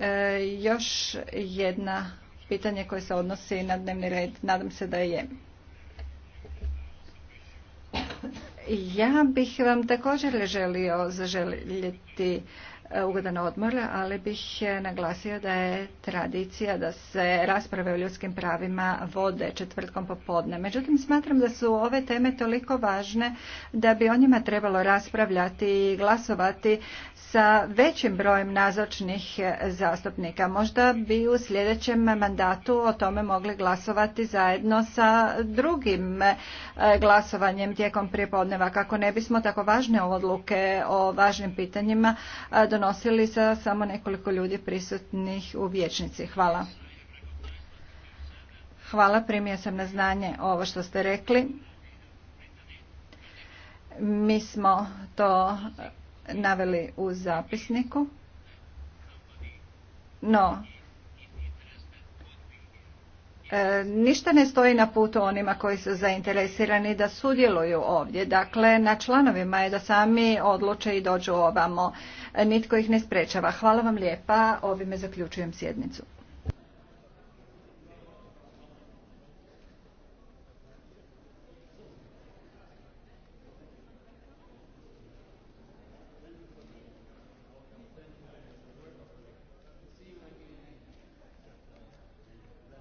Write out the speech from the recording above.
E, još jedna pitanje koje se odnosi na dnevni red. Nadam se da je. Ja bih vam također želio zaželjeti e, ugodan odmor, ali bih e, naglasio da je tradicija da se rasprave o ljudskim pravima vode četvrtkom popodne. Međutim, smatram da su ove teme toliko važne da bi o njima trebalo raspravljati i glasovati sa većim brojem nazočnih e, zastupnika. Možda bi u sljedećem mandatu o tome mogli glasovati zajedno sa drugim glasovanjem tijekom prijepodne kako ne bismo tako važne odluke o važnim pitanjima donosili sa samo nekoliko ljudi prisutnih u vječnici. Hvala. Hvala, primio sam na znanje ovo što ste rekli. Mi smo to naveli u zapisniku. No, E, ništa ne stoji na putu onima koji su zainteresirani da sudjeluju ovdje. Dakle, na članovima je da sami odluče i dođu ovamo. E, nitko ih ne sprečava. Hvala vam lijepa. Ovime zaključujem sjednicu.